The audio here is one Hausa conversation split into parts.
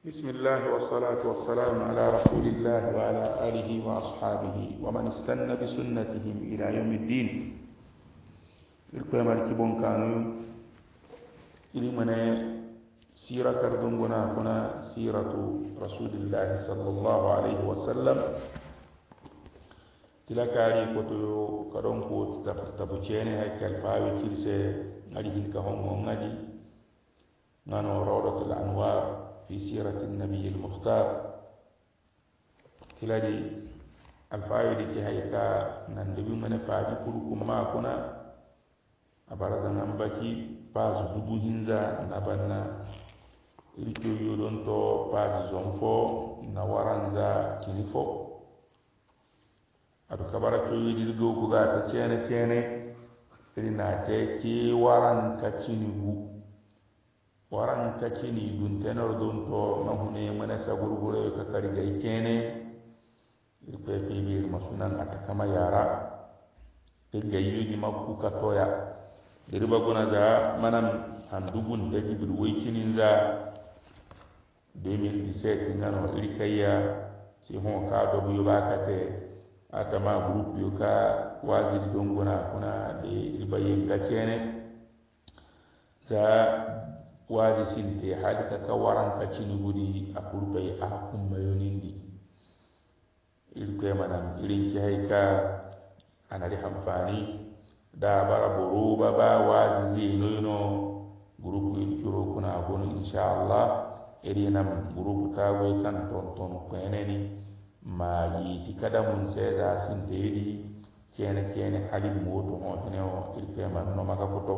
بسم الله والصلاة والسلام على رسول الله وعلى آله وأصحابه ومن استنى بسنتهم إلى يوم الدين إلكو يمالك كانوا إلي من سيرة كردنغنا هنا سيرة رسول الله صلى الله عليه وسلم tilakari kotoyo kadon ko tabu cene hay kal fawi kilse ngadi hin ka نانو ngadi ngano في سيرة النبي المختار تلادي الفايدة تهيكا نندبي من فاجي كلكم ما كنا أبرز نمبكي باز دبو هنزا نبنا irikyo yodon to paasi zon fo na waranza kini fo aɗo kabara coyiɗiɗi gow ko gata ceene ceene iri naate ki waranka cinigu waran kakini duntenor dun to mahune mana sagurguro ka kargai kene irpe pibir masunan atakama yara ta irgai yugi makku ka toya dirba guna za manam handugun da kibir waikinin za 2017 ngano irkayya si hon ka dobu yo ba te atama group yo ka wajiri don guna kuna de irbayin ka kene za waali silte haade ka ka waranka cinuguri a kurkay a kummayonindi irkuemanam irinki hay ka anari hanfani dabara boroba ba waasi zenoyino groupe yiɗi coro kuna kono inchallah erinam groupe tagoy kan tonton kueneni ma yiiti kada mum sesa sinteyiɗi ceene ceene halid mowoto hohene o irkuemannomaka ko to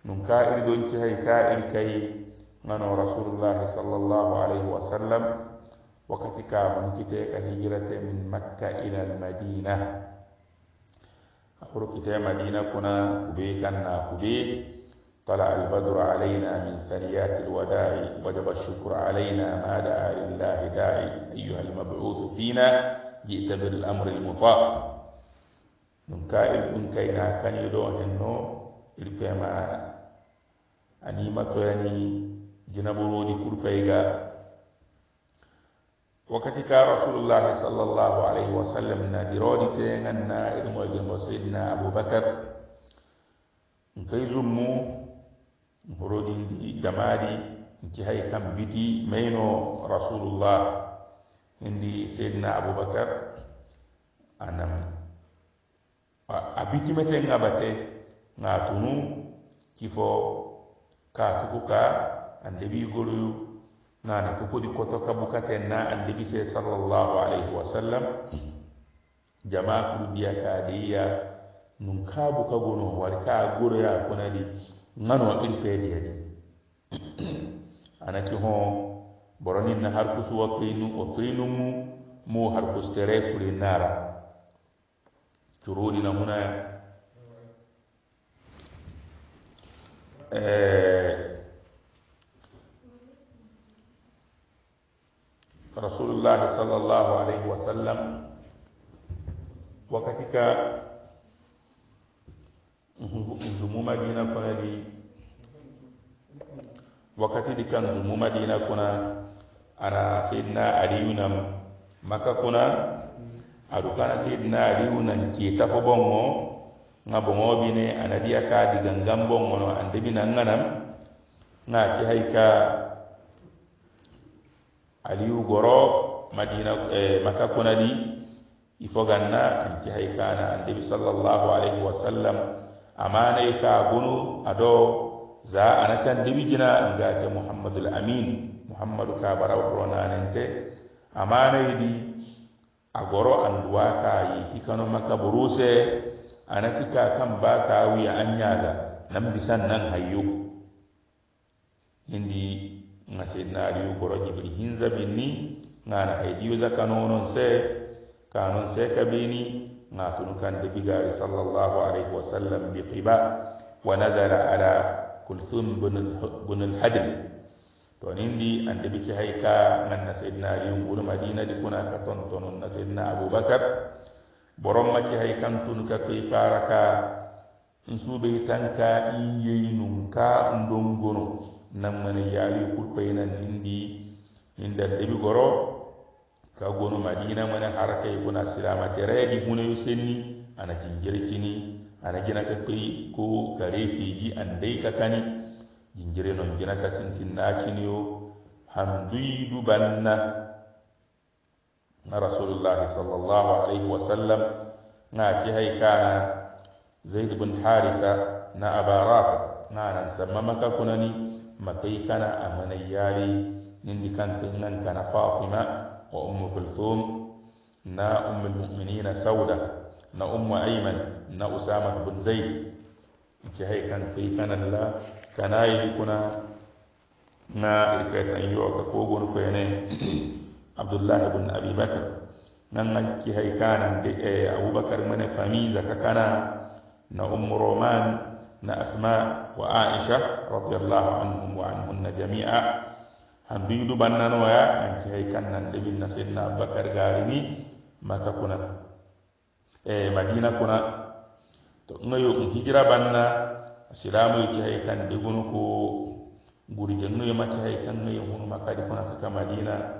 من كائر دون هي كائر كي نانو رسول الله صلى الله عليه وسلم وكتكا من كتك هجرة من مكة إلى المدينة أخرو كتك مدينة كنا كبيكا كبي طلع البدر علينا من ثنيات الوداع وجب الشكر علينا ما دعا لله داعي أيها المبعوث فينا جئت بالأمر المطاع من كائر دون كينا كان يدوهن نو ani matoyani jinaborodi kurpayga wakati ka rasulullah sallallah alayhi wasallam na dirodi tengan na irumoygenbo sayidna aboubacar nkay zummu nhorodindi jamadi nki hay kam biti mayno rasulullah indi sayidna aboubacar anam a bitimetengabate ngatunu kifo kaatugu ka andebigoluyu nana tukudi koto ka bukate na andebise sallallahu alaihi wasallam jama kurudiya kadiya nun ka buka gono wari ka goro ya kuna di ngano iri pedi ya di anaki hon boronin na harkusu wa kuinu wa kuinu mu mu harkus tere kuri nara churuli na muna ya eh, Rasulullahi sallallahu alaihi wasallam wa katika nzumu Madina kuna di wakati di kan nzumu Madina kuna ana sayyidina Aliyu na maka kuna adukana sayyidina Aliyu nan ke tafa bongo nga bongo bine ana diya ka diga ngambo ngono ande bina nganam nga ki hay ka aliyu goro madina eh, maka kuna di ifo ganna an ki hay ka na ande bi sallallahu alaihi wa sallam amana ka gunu ado za ana tan dibi jina nga ke muhammadul amin muhammadu ka baraw ko nanante amana di agoro anduwa ka yiti kanu maka buruse anaki ka kan ba ka wiya an yala nan bisan nan hayyo indi nga sidna aliyu goro jibri hinza binni nga na haydiyo zaka nonon se kanon se kabini nga tunu kan de bigari sallallahu alaihi wasallam bi qiba wa nazala ala kulthum bin al-hadim to nindi ande bi ci hayka ngan na sidna aliyu goro madina di kuna ka ton tonon na sidna abubakar boron maki hay kan fara ka kai paraka nsu bai tanka in yayi nunka gono nan mana yayi kulpa nan indi inda debi goro ka gono madina mana har kai kuna silama tere gi hune yusenni ana jingirkini ana gina ka kai ko kare ke ji andai ka kani jingire non gina ka sintin na kiniyo handuyi dubanna رسول الله صلى الله عليه وسلم نا كي كان زيد بن حارثة نا أبا رافع نا نسمى مكا كنني مكي كان أمنيالي نندي كان كنن كان فاطمة وأم كلثوم نا أم المؤمنين سودة نا أم أيمن نا أسامة بن زيد كي هي كان في كان لا كان كنا نا إركات أن يوكا كوغون كويني عبد الله بن ابي بكر نان كي هي كان ابو بكر من فامي زكا كان نا ام رومان نا اسماء وعائشه رضي الله عنهم وعنهن جميعا هم بيدو بنان ويا ان كي هي كان نان دي سيدنا ابو بكر غاريني ما كنا اي مدينه كنا تو نيو هجره بنان سلام يو كي هي كان دي بنكو غوري جنو يما كي هي كان نيو هونو مكا دي كنا كمدينه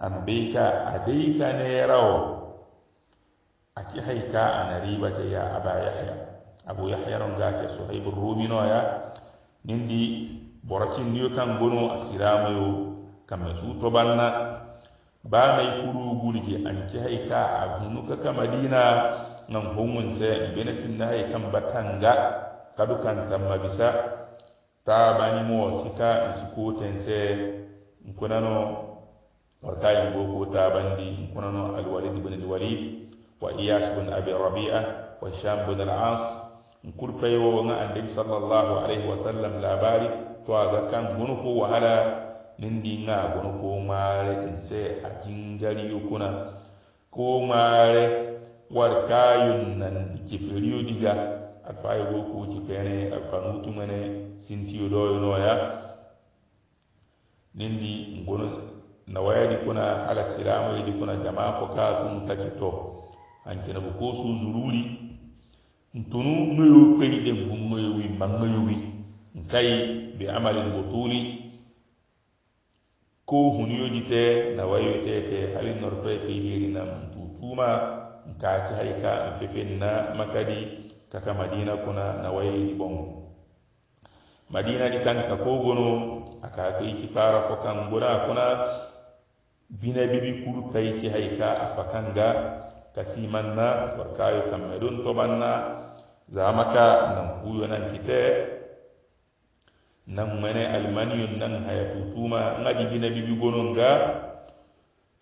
ambika adika ne rawo ki haika a ana ta ya aba ya? abu haya ron ga ke suhaib rumi na ya nindi borakin ne kan gono asirama yo kamma su to banna ba mai kuru gurge an ki haika a hunuka ka madina nan hungun sai na sin na haikan batanga kadukan tamma bisa ta bani mo sika isikoten sai kunano وركاين بوكو تابندي كنونو الوليد بن الوليد وإياس بن أبي ربيعة وهشام بن العاص نقول بيو النبي صلى الله عليه وسلم لا باري تواغا كان بنكو وهلا نندي نا بنكو مالي إنسي أجنجالي يكونا ko mare warkayun nan ikifiriyu diga alfayi goku cikene alfanutu mene سنتيو doyo نويا nindi ngono na nawayadi kuna ala silamu yadi kuna jamaa foka ka tun kaci to ankina bu ko su zururi ntunu mayo kai de gum mayo wi man wi kai bi amali butuli ko huniyo dite na wayo tete hali norpe kai biri na mtutuma nkaci haika mfefin na makadi kaka madina kuna na wayo di bongo madina di kan ka kogono aka kai kipara fo kan gura kuna bina bibi kuru kai ki haika a fakanga. Ka afakanga kasimanna warkayo kamerun tobanna zamaka nan fuyo nan kite nan mene almaniyun nan haya tutuma nga di bina bibi gonon ga.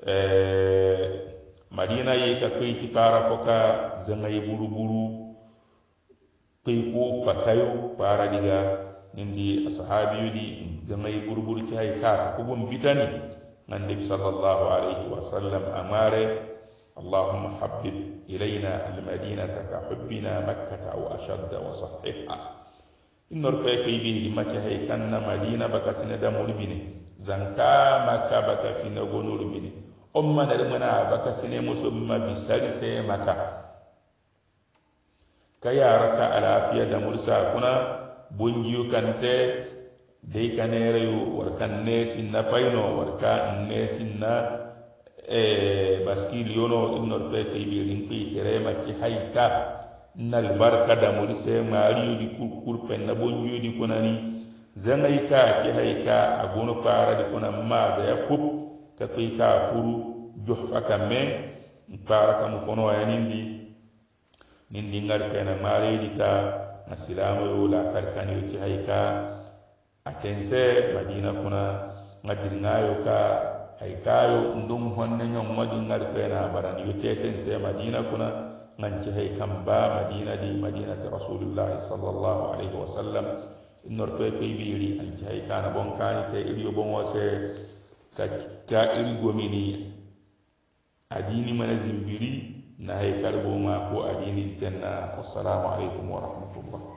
Eh, madina ye ka kai ki para foka zangai buru buru kai ko fakayo para diga nindi ashabiyu di zangai buru buru ki haika kubun bitani النبي صلى الله عليه وسلم أماره اللهم حبب إلينا المدينة كحبنا مكة أو أشد وصححها إن ركاي يبين لما تهي كان مدينة بك سندام لبني زنكا مكة بك سندام لبني أما نرمنا بك سندام سبما بسالس مكة كيا ركا على فيا دمول ساكنا بنجيو كانت dei kanereyu warka nesinna payno warka nesinna baskiliyono innor pe keyɓerin pey teremaki haika innal barka damuri se mariyodi kurkur penna bonjoydi konani zangay ka ki hayka agono paradi konan madaya kup ka pey ka furu johfa kamme para ka mufono ayanindi nindi ngar pena mariyodi yi asilamoyo la karkaniyo ci haika. a kense madina kuna nga dirŋayo ka hay kayo ndum honne ñoŋ modi ŋar koyena barani yote kense madina kuna nganci hay kam ba madina di madinati rasulillahi sal allah alayhi wa sallam inor toye koy wiiri anci hay kana bon kani te il yo bon wose ka ka il gomini adini mana zimbiri na hay kalbo ma ko adini tenna assalamu alaykum wa rahmatullah